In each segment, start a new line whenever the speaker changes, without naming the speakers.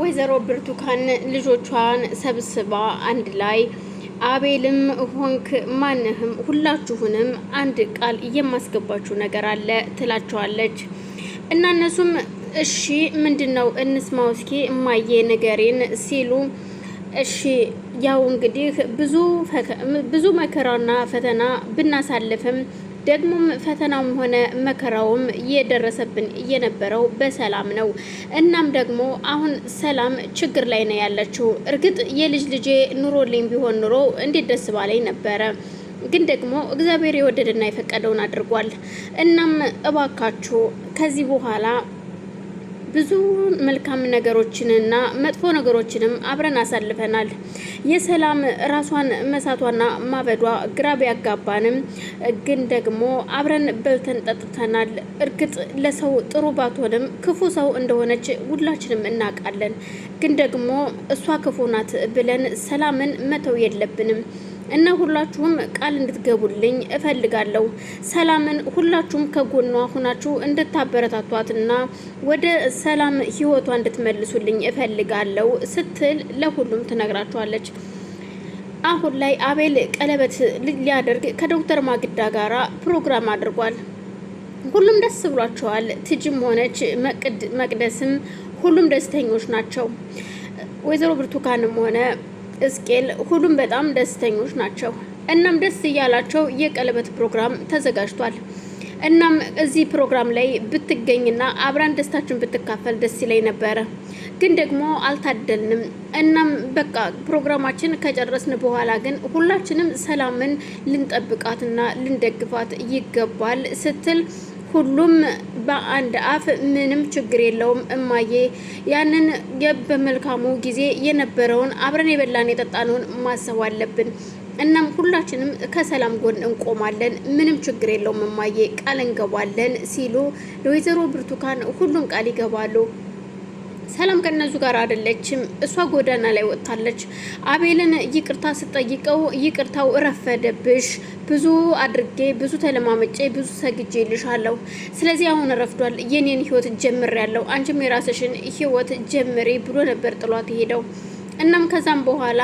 ወይዘሮ ብርቱካን ልጆቿን ሰብስባ አንድ ላይ አቤልም ሆንክ ማንህም ሁላችሁንም አንድ ቃል የማስገባችሁ ነገር አለ ትላቸዋለች። እና እነሱም እሺ ምንድን ነው እንስማው እስኪ እማዬ ንገሪን ሲሉ እሺ ያው እንግዲህ ብዙ መከራና ፈተና ብናሳልፍም ደግሞም ፈተናውም ሆነ መከራውም እየደረሰብን እየነበረው በሰላም ነው። እናም ደግሞ አሁን ሰላም ችግር ላይ ነው ያለችው። እርግጥ የልጅ ልጄ ኑሮልኝ ቢሆን ኑሮ እንዴት ደስ ባለኝ ነበረ ግን ደግሞ እግዚአብሔር የወደደና የፈቀደውን አድርጓል። እናም እባካችሁ ከዚህ በኋላ ብዙ መልካም ነገሮችንና መጥፎ ነገሮችንም አብረን አሳልፈናል። የሰላም ራሷን መሳቷና ማበዷ ግራ ቢያጋባንም ግን ደግሞ አብረን በልተን ጠጥተናል። እርግጥ ለሰው ጥሩ ባትሆንም ክፉ ሰው እንደሆነች ሁላችንም እናውቃለን። ግን ደግሞ እሷ ክፉ ናት ብለን ሰላምን መተው የለብንም። እና ሁላችሁም ቃል እንድትገቡልኝ እፈልጋለሁ። ሰላምን ሁላችሁም ከጎኗ ሁናችሁ እንድታበረታቷትና ወደ ሰላም ህይወቷ እንድትመልሱልኝ እፈልጋለሁ ስትል ለሁሉም ትነግራችኋለች። አሁን ላይ አቤል ቀለበት ሊያደርግ ከዶክተር ማግዳ ጋራ ፕሮግራም አድርጓል። ሁሉም ደስ ብሏቸዋል። ትጅም ሆነች መቅደስም ሁሉም ደስተኞች ናቸው። ወይዘሮ ብርቱካንም ሆነ እስቄል ሁሉም በጣም ደስተኞች ናቸው። እናም ደስ እያላቸው የቀለበት ፕሮግራም ተዘጋጅቷል። እናም እዚህ ፕሮግራም ላይ ብትገኝና አብራን ደስታችን ብትካፈል ደስ ይለኝ ነበረ፣ ግን ደግሞ አልታደልንም። እናም በቃ ፕሮግራማችን ከጨረስን በኋላ ግን ሁላችንም ሰላምን ልንጠብቃትና ልንደግፋት ይገባል ስትል ሁሉም በአንድ አፍ ምንም ችግር የለውም እማዬ፣ ያንን በመልካሙ ጊዜ የነበረውን አብረን የበላን የጠጣነውን ማሰብ አለብን። እናም ሁላችንም ከሰላም ጎን እንቆማለን፣ ምንም ችግር የለውም እማዬ፣ ቃል እንገባለን ሲሉ ለወይዘሮ ብርቱካን ሁሉም ቃል ይገባሉ። ሰላም ከነዙ ጋር አይደለችም። እሷ ጎዳና ላይ ወጥታለች። አቤልን ይቅርታ ስጠይቀው ይቅርታው ረፈደብሽ፣ ብዙ አድርጌ ብዙ ተለማመጬ ብዙ ልሻለሁ። ስለዚህ አሁን ረፍዷል፣ የኔን ህይወት ያለው አንቺም የራስሽን ህይወት ጀምሬ ብሎ ነበር ጥሏት ሄደው እናም ከዛም በኋላ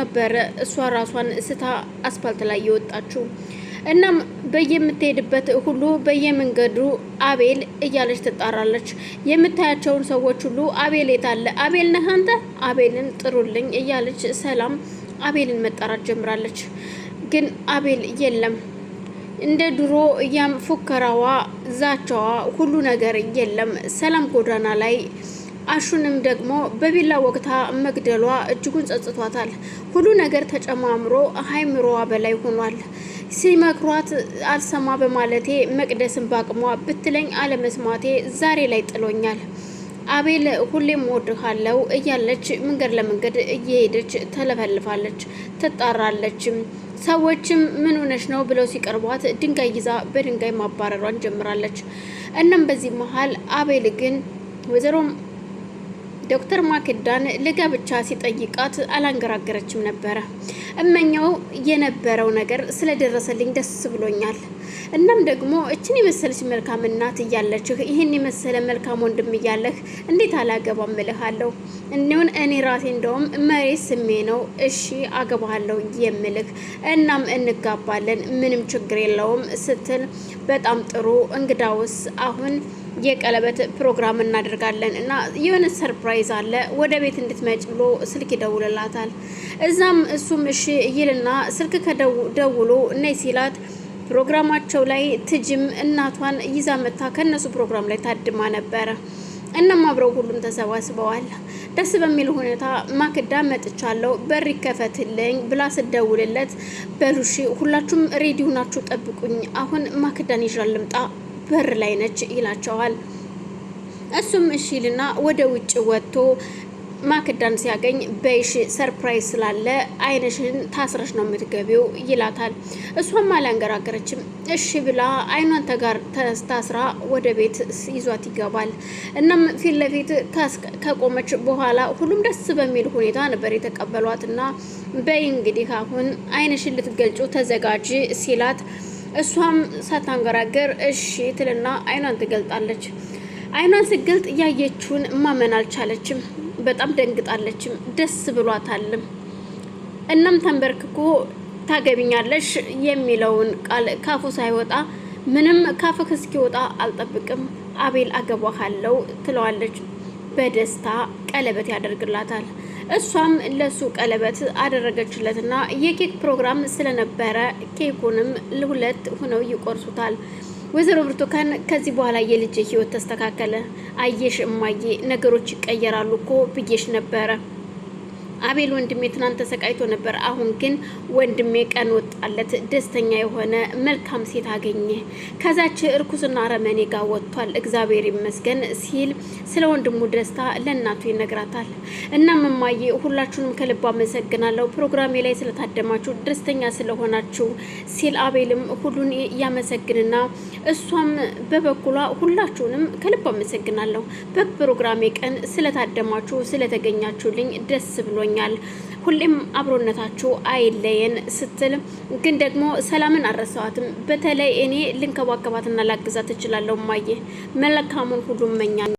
ነበረ እሷ ራሷን ስታ አስፓልት ላይ የወጣችው። እናም በየምትሄድበት ሁሉ በየመንገዱ አቤል እያለች ትጣራለች። የምታያቸውን ሰዎች ሁሉ አቤል የታለ? አቤል ነህ አንተ? አቤልን ጥሩልኝ እያለች ሰላም አቤልን መጣራት ጀምራለች። ግን አቤል የለም። እንደ ድሮ ያም ፉከራዋ፣ ዛቻዋ፣ ሁሉ ነገር የለም። ሰላም ጎዳና ላይ አሹንም ደግሞ በቢላ ወቅታ መግደሏ እጅጉን ጸጽቷታል። ሁሉ ነገር ተጨማምሮ ሀይምሮዋ በላይ ሆኗል። ሲመክሯት አልሰማ በማለቴ መቅደስን ባቅሟ ብትለኝ አለመስማቴ ዛሬ ላይ ጥሎኛል። አቤል ሁሌም ወድሃለው እያለች መንገድ ለመንገድ እየሄደች ተለፈልፋለች፣ ትጣራለች። ሰዎችም ምን ሆነሽ ነው ብለው ሲቀርቧት ድንጋይ ይዛ በድንጋይ ማባረሯን ጀምራለች። እናም በዚህ መሀል አቤል ግን ወይዘሮ ዶክተር ማክዳን ለጋብቻ ሲጠይቃት አላንገራገረችም ነበረ። እመኛው የነበረው ነገር ስለደረሰልኝ ደስ ብሎኛል። እናም ደግሞ እችን የመሰለች መልካም እናት እያለችህ ይህን የመሰለ መልካም ወንድም እያለህ እንዴት አላገባም እልሃለሁ። እንዲሁን እኔ ራሴ እንደውም መሬት ስሜ ነው እሺ አገባሃለሁ የምልህ እናም እንጋባለን፣ ምንም ችግር የለውም ስትል በጣም ጥሩ እንግዳውስ አሁን የቀለበት ፕሮግራም እናደርጋለን እና የሆነ ሰርፕራይዝ አለ ወደ ቤት እንድትመጭ ብሎ ስልክ ይደውልላታል። እዛም እሱም እሺ ይልና ስልክ ከደውሎ እነይ ሲላት ፕሮግራማቸው ላይ ትጅም እናቷን ይዛ መታ ከእነሱ ፕሮግራም ላይ ታድማ ነበረ። እናም አብረው ሁሉም ተሰባስበዋል። ደስ በሚል ሁኔታ ማክዳ መጥቻለሁ በር ይከፈትልኝ ብላ ስደውልለት በሉሺ ሁላችሁም ሬዲዮ ናችሁ ጠብቁኝ፣ አሁን ማክዳን ይዣል ልምጣ በር ላይ ነች ይላቸዋል። እሱም እሺልና ወደ ውጭ ወጥቶ ማክዳን ሲያገኝ በይሽ ሰርፕራይዝ ስላለ አይንሽን ታስረሽ ነው የምትገቢው ይላታል። እሷም አላንገራገረችም። እሺ ብላ አይኗን ተጋር ታስራ ወደ ቤት ይዟት ይገባል። እናም ፊት ለፊት ከቆመች በኋላ ሁሉም ደስ በሚል ሁኔታ ነበር የተቀበሏት እና በይ እንግዲህ አሁን አይንሽን ልትገልጩ ተዘጋጅ ሲላት እሷም ሳታንገራገር እሺ ትልና አይኗን ትገልጣለች። አይኗን ስገልጥ እያየችውን ማመን አልቻለችም። በጣም ደንግጣለችም፣ ደስ ብሏታልም። እናም ተንበርክኮ ታገቢኛለሽ የሚለውን ቃል ካፉ ሳይወጣ ምንም ካፍህ እስኪወጣ አልጠብቅም፣ አቤል አገባሃለሁ ትለዋለች። በደስታ ቀለበት ያደርግላታል። እሷም ለሱ ቀለበት አደረገችለትና የኬክ ፕሮግራም ስለነበረ ኬኩንም ለሁለት ሆነው ይቆርሱታል። ወይዘሮ ብርቱካን ከዚህ በኋላ የልጅ ህይወት ተስተካከለ፣ አየሽ እማዬ፣ ነገሮች ይቀየራሉ እኮ ብዬሽ ነበረ አቤል ወንድሜ ትናንት ተሰቃይቶ ነበር። አሁን ግን ወንድሜ ቀን ወጣለት፣ ደስተኛ የሆነ መልካም ሴት አገኘ፣ ከዛች እርኩስና አረመኔ ጋር ወጥቷል፣ እግዚአብሔር ይመስገን ሲል ስለ ወንድሙ ደስታ ለእናቱ ይነግራታል። እና እማዬ ሁላችሁንም ከልብ አመሰግናለሁ ፕሮግራሜ ላይ ስለታደማችሁ ደስተኛ ስለሆናችሁ ሲል አቤልም ሁሉን ያመሰግንና እሷም በበኩሏ ሁላችሁንም ከልብ አመሰግናለሁ በፕሮግራሜ ቀን ስለታደማችሁ ስለተገኛችሁልኝ ደስ ብሎኛል ብሎኛል። ሁሌም አብሮነታችሁ አይለየን ስትል ግን ደግሞ ሰላምን አልረሳዋትም። በተለይ እኔ ልንከባከባትና ላግዛት እችላለሁ። ማየ መልካሙን ሁሉ እመኛለሁ።